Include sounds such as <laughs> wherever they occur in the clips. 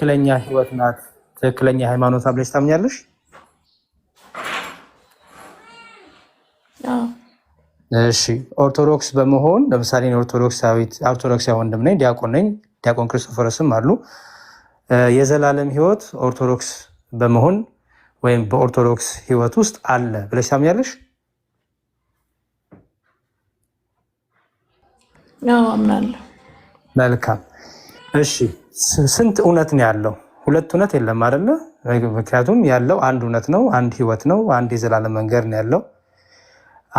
ትክክለኛ ህይወት ናት፣ ትክክለኛ ሃይማኖት ብለሽ ታምኛለሽ? እሺ ኦርቶዶክስ በመሆን ለምሳሌ ኦርቶዶክሳዊት ኦርቶዶክስ ወንድም ነኝ፣ ዲያቆን ነኝ። ዲያቆን ክርስቶፈረስም አሉ። የዘላለም ህይወት ኦርቶዶክስ በመሆን ወይም በኦርቶዶክስ ህይወት ውስጥ አለ ብለሽ ታምኛለሽ? አምናለሁ። መልካም እሺ ስንት እውነት ነው ያለው? ሁለት እውነት የለም አይደለ? ምክንያቱም ያለው አንድ እውነት ነው፣ አንድ ህይወት ነው፣ አንድ የዘላለም መንገድ ነው ያለው።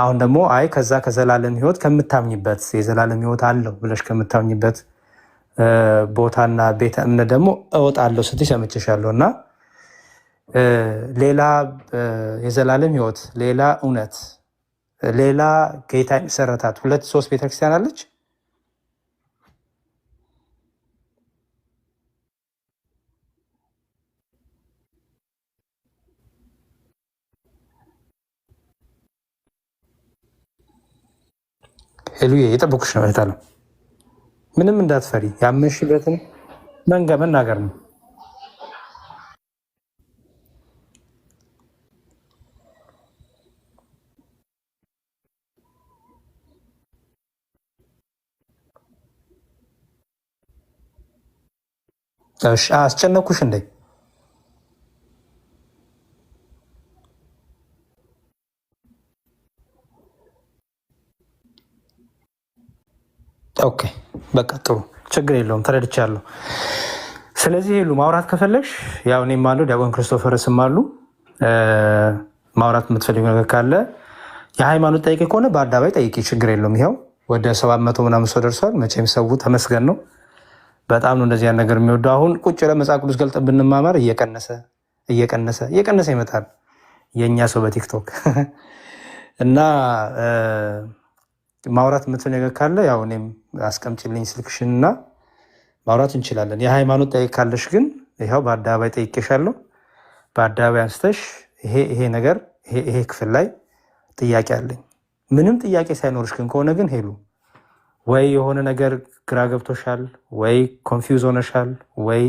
አሁን ደግሞ አይ ከዛ ከዘላለም ህይወት ከምታምኝበት የዘላለም ህይወት አለው ብለሽ ከምታምኝበት ቦታና ቤተ እምነት ደግሞ እወጣለሁ ስትይ ሰምቼሻለሁ። እና ሌላ የዘላለም ህይወት፣ ሌላ እውነት፣ ሌላ ጌታ መሰረታት ሁለት ሶስት ቤተክርስቲያን አለች። ሄሉዬ የጠበቁሽ ነው እህት አለም ምንም እንዳትፈሪ ያመንሽበትን መንገ መናገር ነው አስጨነኩሽ እንዴ ኦኬ በቃ ጥሩ ችግር የለውም ተረድቻለሁ። ስለዚህ ሄሉ ማውራት ከፈለሽ ያው እኔም አሉ ዲያቆን ክርስቶፈርስም አሉ። ማውራት የምትፈልጊው ነገር ካለ የሃይማኖት ጠይቄ ከሆነ በአደባባይ ጠይቄ ችግር የለውም። ይኸው ወደ ሰባት መቶ ምናምን ሰው ደርሷል። መቼም ሰው ተመስገን ነው። በጣም ነው እንደዚያ ነገር የሚወዱ አሁን ቁጭ ለመጽሐፍ ቅዱስ ገልጠን ብንማማር እየቀነሰ እየቀነሰ እየቀነሰ ይመጣል የእኛ ሰው በቲክቶክ <laughs> እና ማውራት የምትል ነገር ካለ ያው እኔም አስቀምጭልኝ ስልክሽን እና ማውራት እንችላለን። የሃይማኖት ጠይቅ ካለሽ ግን ይኸው በአደባባይ ጠይቄሻለሁ። በአደባባይ አንስተሽ ይሄ ይሄ ነገር ይሄ ክፍል ላይ ጥያቄ አለኝ። ምንም ጥያቄ ሳይኖርሽ ግን ከሆነ ግን ሄሉ ወይ የሆነ ነገር ግራ ገብቶሻል፣ ወይ ኮንፊውዝ ሆነሻል፣ ወይ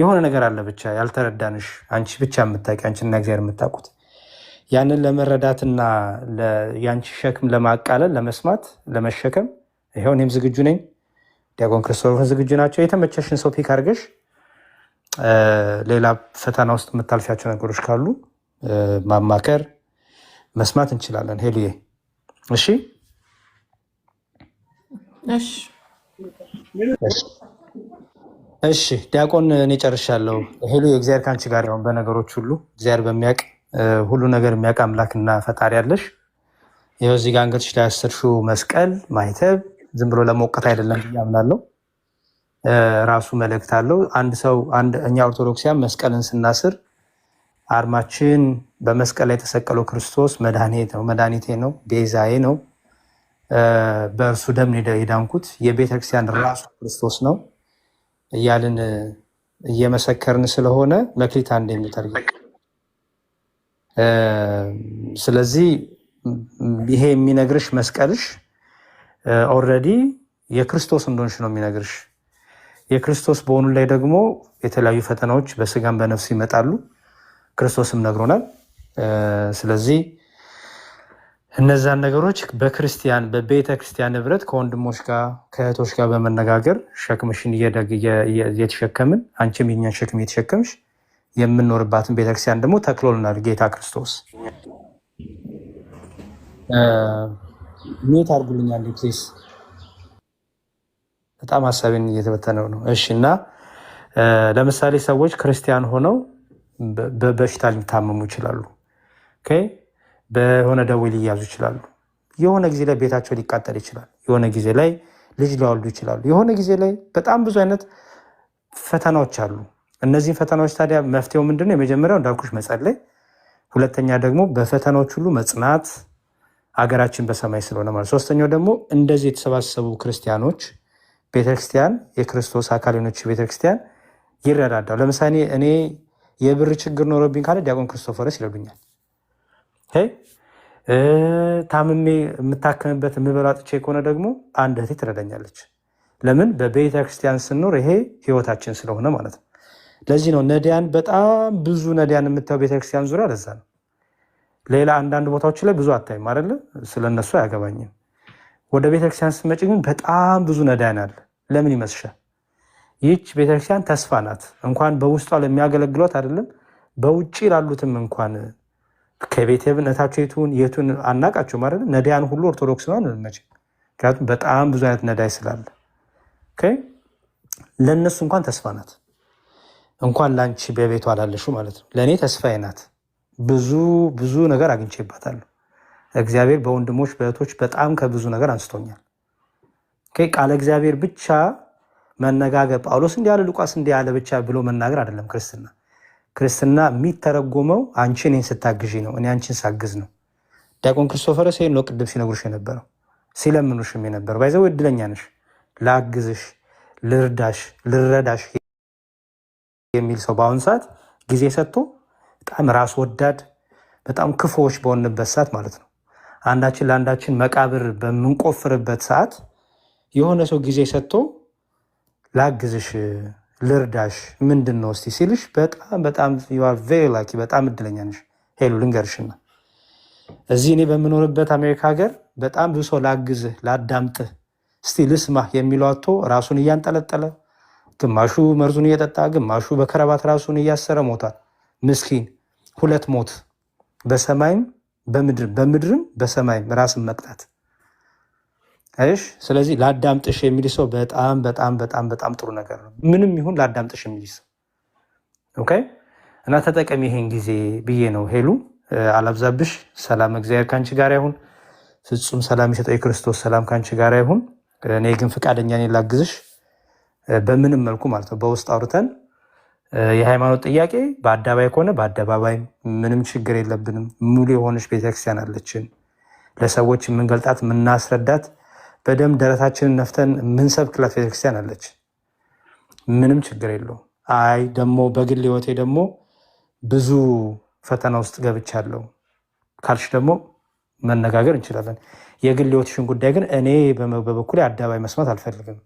የሆነ ነገር አለ ብቻ ያልተረዳንሽ አንቺ ብቻ የምታውቂ አንቺና እግዚአብሔር የምታውቁት ያንን ለመረዳትና ያንቺ ሸክም ለማቃለል ለመስማት ለመሸከም ይኸው እኔም ዝግጁ ነኝ። ዲያቆን ክርስቶስ ዝግጁ ናቸው። የተመቸሽን ሰው ፒክ አድርገሽ ሌላ ፈተና ውስጥ የምታልፊያቸው ነገሮች ካሉ ማማከር መስማት እንችላለን። ሄልዬ እሺ፣ እሺ ዲያቆን እኔ ጨርሻለሁ። ሄሉ እግዚአብሔር ከአንቺ ጋር ይሁን በነገሮች ሁሉ እግዚአብሔር በሚያውቅ ሁሉ ነገር የሚያውቅ አምላክና ፈጣሪ ያለሽ። ይኸው እዚህ ጋር አንገትሽ ላይ ያሰርሽው መስቀል ማይተብ ዝም ብሎ ለሞቀት አይደለም ብዬ አምናለሁ። ራሱ መልእክት አለው። አንድ ሰው እኛ ኦርቶዶክሲያን መስቀልን ስናስር አርማችን በመስቀል ላይ የተሰቀለው ክርስቶስ መድኃኒት ነው፣ መድኃኒቴ ነው፣ ቤዛዬ ነው፣ በእርሱ ደም የዳንኩት የቤተክርስቲያን ራሱ ክርስቶስ ነው እያልን እየመሰከርን ስለሆነ መክሊት አንድ የሚጠርግ ስለዚህ ይሄ የሚነግርሽ መስቀልሽ ኦልሬዲ የክርስቶስ እንደሆንሽ ነው የሚነግርሽ። የክርስቶስ በሆኑ ላይ ደግሞ የተለያዩ ፈተናዎች በስጋም በነፍስ ይመጣሉ። ክርስቶስም ነግሮናል። ስለዚህ እነዛን ነገሮች በክርስቲያን በቤተ ክርስቲያን ህብረት ከወንድሞች ጋር ከእህቶች ጋር በመነጋገር ሸክምሽን እየተሸከምን አንቺም የኛን ሸክም እየተሸከምሽ የምንኖርባትን ቤተክርስቲያን ደግሞ ተክሎልናል ጌታ ክርስቶስ። ሜት አድርጉልኛል ፕሊስ። በጣም ሀሳቤን እየተበተነው ነው። እሺ። እና ለምሳሌ ሰዎች ክርስቲያን ሆነው በበሽታ ሊታመሙ ይችላሉ። በሆነ ደዌ ሊያዙ ይችላሉ። የሆነ ጊዜ ላይ ቤታቸው ሊቃጠል ይችላል። የሆነ ጊዜ ላይ ልጅ ሊያወልዱ ይችላሉ። የሆነ ጊዜ ላይ በጣም ብዙ አይነት ፈተናዎች አሉ። እነዚህን ፈተናዎች ታዲያ መፍትሄው ምንድነው? የመጀመሪያው እንዳልኩሽ መጸለይ፣ ሁለተኛ ደግሞ በፈተናዎች ሁሉ መጽናት አገራችን በሰማይ ስለሆነ ማለት፣ ሶስተኛው ደግሞ እንደዚህ የተሰባሰቡ ክርስቲያኖች ቤተክርስቲያን የክርስቶስ አካሊኖች ቤተክርስቲያን ይረዳዳው። ለምሳሌ እኔ የብር ችግር ኖረብኝ ካለ ዲያቆን ክርስቶፈረስ ይረዱኛል። ታምሜ የምታከምበት የምበላ ጥቼ ከሆነ ደግሞ አንድ እህቴ ትረዳኛለች። ለምን? በቤተክርስቲያን ስኖር ይሄ ህይወታችን ስለሆነ ማለት ነው። ለዚህ ነው ነዳያን በጣም ብዙ ነዳያን የምታየው ቤተክርስቲያን ዙሪያ ለዛ ነው። ሌላ አንዳንድ ቦታዎች ላይ ብዙ አታይም አይደለ? ስለነሱ አያገባኝም። ወደ ቤተክርስቲያን ስትመጪ ግን በጣም ብዙ ነዳያን አለ። ለምን ይመስሻል? ይህች ቤተክርስቲያን ተስፋ ናት። እንኳን በውስጧ ለሚያገለግሏት አይደለም በውጭ ላሉትም እንኳን ከቤተብን እታቸው የቱን የቱን አናቃቸው ማለት ነዳያን ሁሉ ኦርቶዶክስ ነው አንመች። ምክንያቱም በጣም ብዙ አይነት ነዳይ ስላለ ለእነሱ እንኳን ተስፋ ናት። እንኳን ለአንቺ በቤቷ ላለሹ ማለት ነው ለእኔ ተስፋዬ ናት። ብዙ ብዙ ነገር አግኝቼባታለሁ። እግዚአብሔር በወንድሞች በእህቶች በጣም ከብዙ ነገር አንስቶኛል። ቃለ እግዚአብሔር ብቻ መነጋገር ጳውሎስ እንዲህ አለ ሉቃስ እንዲህ አለ ብቻ ብሎ መናገር አይደለም ክርስትና። ክርስትና የሚተረጎመው አንቺ እኔን ስታግዥ ነው፣ እኔ አንቺን ሳግዝ ነው። ዲያቆን ክርስቶፈርስ ይህን ነው ቅድም ሲነግሩሽ የነበረው ሲለምኑሽም የነበረው ባይዘው እድለኛ ነሽ፣ ላግዝሽ፣ ልርዳሽ፣ ልረዳሽ የሚል ሰው በአሁኑ ሰዓት ጊዜ ሰጥቶ በጣም ራስ ወዳድ በጣም ክፉዎች በሆንበት ሰዓት ማለት ነው። አንዳችን ለአንዳችን መቃብር በምንቆፍርበት ሰዓት የሆነ ሰው ጊዜ ሰጥቶ ላግዝሽ፣ ልርዳሽ ምንድን ነው እስቲ ሲልሽ በጣም በጣም ቬሪ ላኪ በጣም እድለኛ ነሽ። ሄሉ ልንገርሽና እዚህ እኔ በምኖርበት አሜሪካ ሀገር በጣም ብዙ ሰው ላግዝህ፣ ላዳምጥህ፣ እስቲ ልስማህ የሚለው አቶ ራሱን እያንጠለጠለ ግማሹ መርዙን እየጠጣ ግማሹ በከረባት ራሱን እያሰረ ሞታል። ምስኪን ሁለት ሞት በሰማይም በምድርም በምድርም በሰማይም ራስን መቅጣት። እሽ ስለዚህ ለአዳምጥሽ የሚል ሰው በጣም በጣም በጣም በጣም ጥሩ ነገር ነው። ምንም ይሁን ለአዳምጥሽ የሚል ሰው ኦኬ። እና ተጠቀሚ ይሄን ጊዜ ብዬ ነው። ሄሉ አላብዛብሽ። ሰላም እግዚአብሔር ከአንቺ ጋር ይሁን። ፍጹም ሰላም የሰጠው የክርስቶስ ሰላም ከአንቺ ጋር ይሁን። እኔ ግን ፈቃደኛ ላግዝሽ በምንም መልኩ ማለት ነው በውስጥ አውርተን የሃይማኖት ጥያቄ በአደባባይ ከሆነ በአደባባይ ምንም ችግር የለብንም። ሙሉ የሆነች ቤተክርስቲያን አለችን። ለሰዎች የምንገልጣት የምናስረዳት፣ በደንብ ደረታችንን ነፍተን የምንሰብክላት ቤተክርስቲያን አለች። ምንም ችግር የለው። አይ ደግሞ በግል ህይወቴ ደግሞ ብዙ ፈተና ውስጥ ገብቻለሁ ካልሽ ደግሞ መነጋገር እንችላለን። የግል ህይወትሽን ጉዳይ ግን እኔ በበኩሌ አደባባይ መስማት አልፈልግም።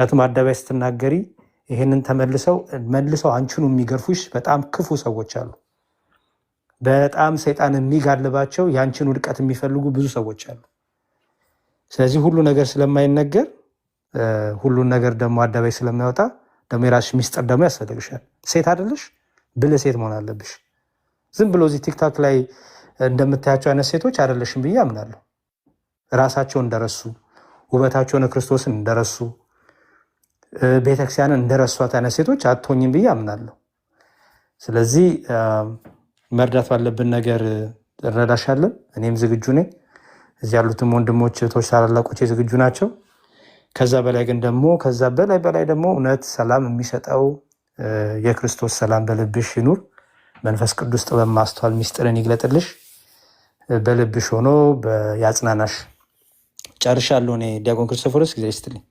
ምክንያቱም አደባባይ ስትናገሪ ይህንን ተመልሰው መልሰው አንቺኑ የሚገርፉሽ በጣም ክፉ ሰዎች አሉ። በጣም ሰይጣን የሚጋልባቸው የአንቺን ውድቀት የሚፈልጉ ብዙ ሰዎች አሉ። ስለዚህ ሁሉ ነገር ስለማይነገር ሁሉን ነገር ደግሞ አደባባይ ስለማይወጣ ደግሞ የራስሽ ሚስጥር ደግሞ ያስፈልግሻል። ሴት አይደለሽ ብለ ሴት መሆን አለብሽ። ዝም ብሎ እዚህ ቲክታክ ላይ እንደምታያቸው አይነት ሴቶች አይደለሽም ብዬ አምናለሁ። ራሳቸውን እንደረሱ ውበታቸውን ክርስቶስን እንደረሱ ቤተክርስቲያን እንደረሷት አይነት ሴቶች አትሆኝም ብዬ አምናለሁ። ስለዚህ መርዳት ባለብን ነገር እንረዳሻለን። እኔም ዝግጁ ነኝ። እዚህ ያሉትም ወንድሞች እህቶች፣ ታላላቆች ዝግጁ ናቸው። ከዛ በላይ ግን ደግሞ ከዛ በላይ በላይ ደግሞ እውነት ሰላም የሚሰጠው የክርስቶስ ሰላም በልብሽ ይኑር። መንፈስ ቅዱስ ጥበብ፣ ማስተዋል ሚስጥርን ይግለጥልሽ፣ በልብሽ ሆኖ ያጽናናሽ። ጨርሻለሁ። እኔ ዲያቆን ክርስቶፎሮስ ጊዜ ይስጥልኝ።